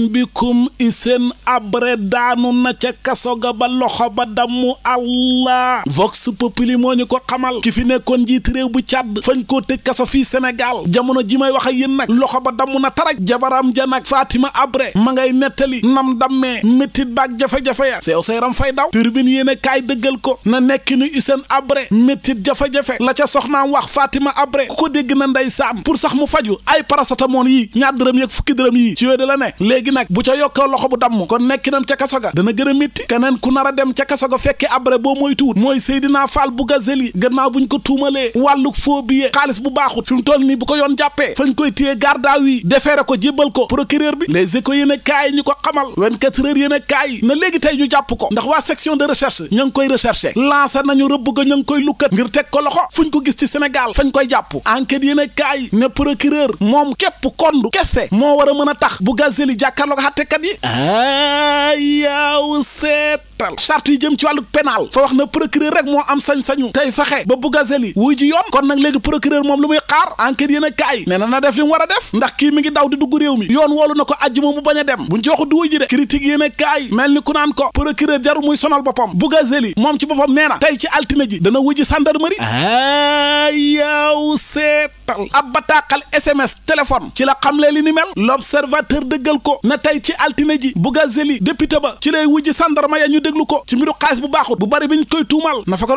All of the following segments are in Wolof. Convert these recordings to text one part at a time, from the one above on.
min bikum iseen abre daanu na ca kaso ga ba loxo ba damu allah vox populi moo ko xamal ki fi nekkoon njiit réew bu càdd fañ koo tëj kaso fii Sénégal jamono ji may wax ak yéen nag loxo ba dammu na taraj jabaram ja nag Fatima Abré ma ngay nettali nam dammee méttit baak jafe-jafe ya seew sayram fay daw turbine yéen a kaay dëggal ko na nekk nu iseen abre mettit jafe-jafe la ca soxnaam wax Fatima Abré ku ko dégg na ndeysaan pour sax mu faju ay paracetamol yi ñaar dërëm yeeg fukki dërëm yi ci yooyu de la ne léegi gi nag bu ca yokkoo loxo bu damm kon nekkinam ca kaso ga dana gën a métti keneen ku nar a dem ca kaso ga fekke abre boo moytuwut mooy Seydina Fall Bougazelli gannaaw buñ ko tuumalee wàllu faux billet xaalis bu baaxut fi mu toll nii bu ko yoon jàppee fañ koy téye garde defeere ko jébbal ko procureur bi les échos yéen a kaay ñu ko xamal 24 heures yéen a kaay na léegi tey ñu jàpp ko ndax waa section de recherche ña koy recherché lancé nañu rëbb ga ña ko loxo fuñ ko gis a kaay a mën a tax Bougazelli jàkk jàkkaarloog àttekat yi ah yaaw seet électoral charte yi jëm ci wàllu pénal fa wax na procureur rek moo am sañ-sañu tey fexe ba Bougazelli wuy ji yoon kon nag léegi procureur moom lu muy xaar enquête yéen a kaay nee na na def li war a def ndax kii mi ngi daw di dugg réew mi yoon woolu na ko àjjuma mu bañ a dem buñ ci du wuy ji de critique yéen a kaay mel ni ku naan ko procureur jaru muy sonal boppam Bougazelli moom ci boppam nee na tey ci altine ji dana wuy ji gendarmerie a yaw seetal ab bataaxal la xamlee li ni mel l'observateur dëggal ko na tey ci altine ji Bougazelli député ba ci lay wuy ji gendarme déglu ko ci mbiru xaalis bu bu bari bi ñu koy tuumal na fa ko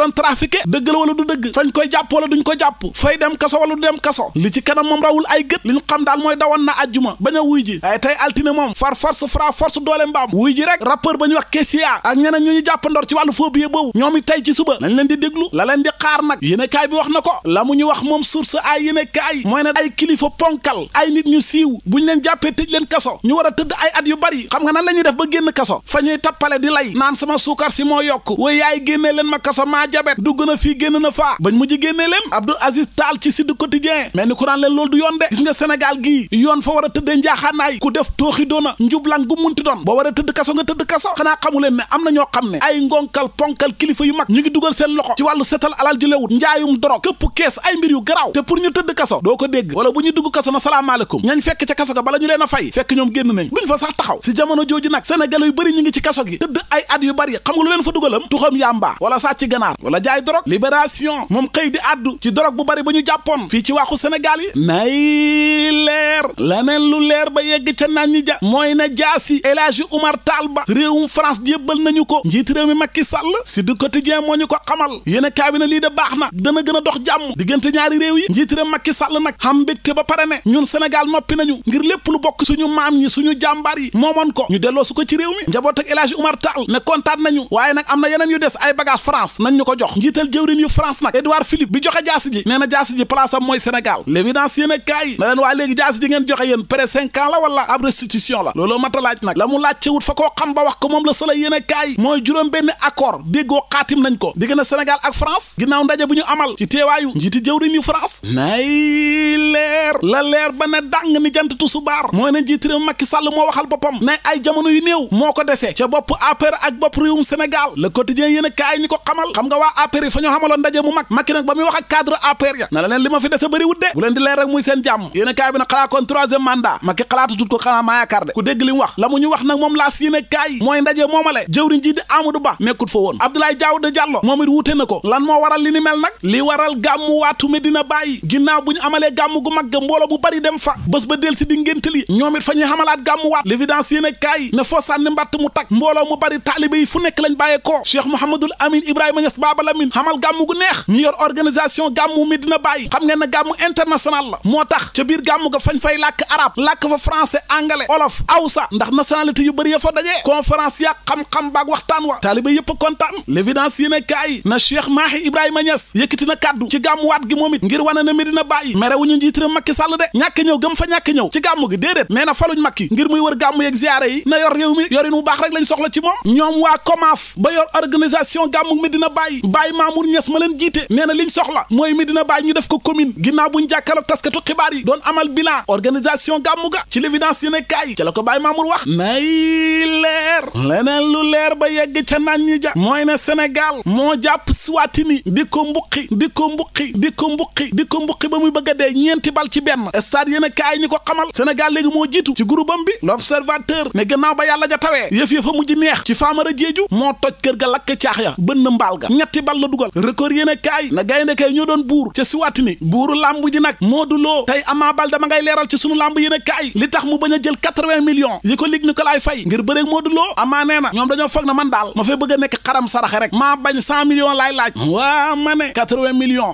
ko jàpp fay dem kaso wala du kanam moom rawul ay gët li xam daal mooy dawoon na ajjuma bañ a wuy ji ay tey altine moom far force fra force doole mbaam wuy ji rek rappeur ba ñuy wax Kessia ak ñeneen ñu ñu jàpp ndor ci wàllu faux billet boobu ñoom it tey ci suba lañ leen di déglu la leen di xaar nag yéenekaay bi wax na ko la mu ñu wax moom source ay yéenekaay mooy ne ay kilifa ponkal ay nit ñu siiw buñ leen jàppee tëj leen kaso ñu war a tëdd ay at yu bari xam nga nan la ñuy def ba génn kaso fa ñuy tappale di lay naan sama suukar si moo yokk way yaay génnee leen ma kaso maa jabet dugg na fii génn na faa bañ mujj génnee leen Abdou Aziz Tall ci Sud Quotidien mais ni ku naan leen loolu du yoon de gis nga Sénégal gii yoon fa war a tëddee njaaxaanaay ku def tooxi doona njublan gu munti doon boo war a tëdd kaso nga tëdd kaso xanaa xamu leen ne am na ñoo xam ne ay ngonkal ponkal kilifa yu mag ñu ngi dugal seen loxo ci wàllu setal alal ju lewut njaayum dorog këpp kees ay mbir yu garaaw pour ñu tëdd kaso doo ko dégg wala ñu dugg kaso na salaamaaleykum ñañ kaso ga ñu leen fay fekk ñoom génn nañ duñ fa sax taxaw si jamono jooju nag sénégalais yu bëri ñu ngi ci kaso gi tëdd ay yu bari xam nga lu leen fa dugalam tuxam yàmba wala sàcc ganaar wala jaay dorog libération moom xëy di àddu ci dorog bu bari ba ñu jàppoon fii ci waxu Sénégal yi nay leer laneen lu leer ba yegg ca naan ñi ja mooy na jaasi El Hadji Oumar Tall ba réewum France jébbal nañu ko njiit réew mi Macky Sall si du quotidien moo ñu ko xamal yéen a kaa bi ne lii de baax na dana gën a dox jàmm diggante ñaari réew yi njiit réew Macky Sall nag xam mbégte ba pare ne ñun Sénégal noppi nañu ngir lépp lu bokk suñu maam ñi suñu jàmbaar yi moomoon ko ñu delloo su ko ci réew mi njaboot ak El Hadji kontaan nañu waaye nag am na yeneen yu des ay bagage France nañ ñu ko jox njiital jëwrin yu France nag Édouard Philippe bi joxe jaasi ji nee na ji place mooy Sénégal l'évidence yéen a kaay na leen waa léegi jaasi ji ngeen joxe yéen près cinq ans la wala ab restitution la looloo mat a laaj nag la mu laajte wut fa koo xam ba wax ko moom la sala yéen a kaay mooy juróom benn accord déggoo xaatim nañ ko diggante Sénégal ak France ginnaaw ndaje bu ñu amal ci teewaayu njiiti jëwrin yu France nay leer la leer ba ne dàng ni jant tusubaar mooy ne njiit réew Macky Sall moo waxal boppam ne ay jamono yu néew moo ko desee ca bopp APR ak bopp réewum Sénégal le quotidien yéen a kaay ko xamal xam nga waa APR fa ñoo xamaloon ndaje mu mag Macky nag ba muy wax ak cadre ya na la leen li ma fi dese bëriwut de bu leen di leer rek jàmm yéen a kaay bi na xalaat kon troisième mandat Macky xalaatatut ko xanaa maa yaakaar de ku dégg wax la mu ñu wax nag moom laas yéen a mooy ndaje moomale jëwriñ ji di Amadou Ba nekkut fa woon Abdoulaye Daouda na ko lan moo waral li ni mel nag gàmm gu mag ga mbooloo bu bari dem fa bés ba del si di ngéntali ñoom it fa ñuy xamalaat gàmmu a taalibe yi fu nekk lañ bàyyeekoo Cheikh Mouhamadul Amine Ibrahima Niass Baba Lamine gàmmu gu neex ñu yor organisation gàmmu Medina Baye xam ngeen na gàmmu international la moo tax ca biir gàmmu ga fañ fay làkk arab làkk fa français anglais olof awsa ndax nationalité yu bëri ya fa dajee conférence ya xam-xam baak waxtaan wa taalibe yëpp kontaan l'évidence yéen kaay na Cheikh Mahi Ibrahima Niass yëkkati na kàddu ci gàmmuwaat gi moom it na Medina Baye merewuñu njiitëram Macky Sall de ñàkk gi déedéet ngir muy yi na yor réew mi yorin mu waa COMAF ba yor organisation gàmmu Medina Baye Baye Mamour Niass ma leen jiite nee na liñ soxla mooy Medina Baye ñu def ko commune ginnaaw buñ jàkkaarloog taskatu xibaar yi doon amal bilan organisation gàmmu ga ci l'évidence yene kaay ca la ko Baye Mamour wax nay leer leneen lu leer ba yegg ca naan ñi ja mooy ne Sénégal moo jàpp Swatini di ko mbuqi di ko mbuqi di ko mbuqi di ko mbuqi ba muy bëgg dee ñeenti bal ci benn stade yene kaay ñi ko xamal Sénégal léegi moo jiitu ci groupam bi l'observateur ne gannaaw ba yàlla ja tawee yëf jeeju moo toj kër ga lakk caax ya bënn mbaal ga ñetti bal la dugal record yéene kaay na gaynde kay ñoo doon buur ca siwaati ni buuru làmb ji nag Modou Lo tey Ama Baldé ma ngay leeral ci sunu làmb yéene kaay li tax mu bañ a jël quatre-vingts yi ko lig Nicolas Faye ngir bëreeg Modou Lo Ama nee na ñoom dañoo foog na man daal ma fay bëgg a nekk xaram saraxe rek maa bañ million millions laay laaj waa ma ne quatre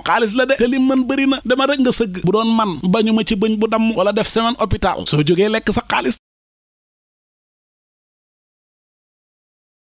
xaalis la de te li mën bëri na dama rek nga sëgg doon man bañu ma ci bëñ bu damm wala def semaine hôpital soo jógee lekk sa xaalis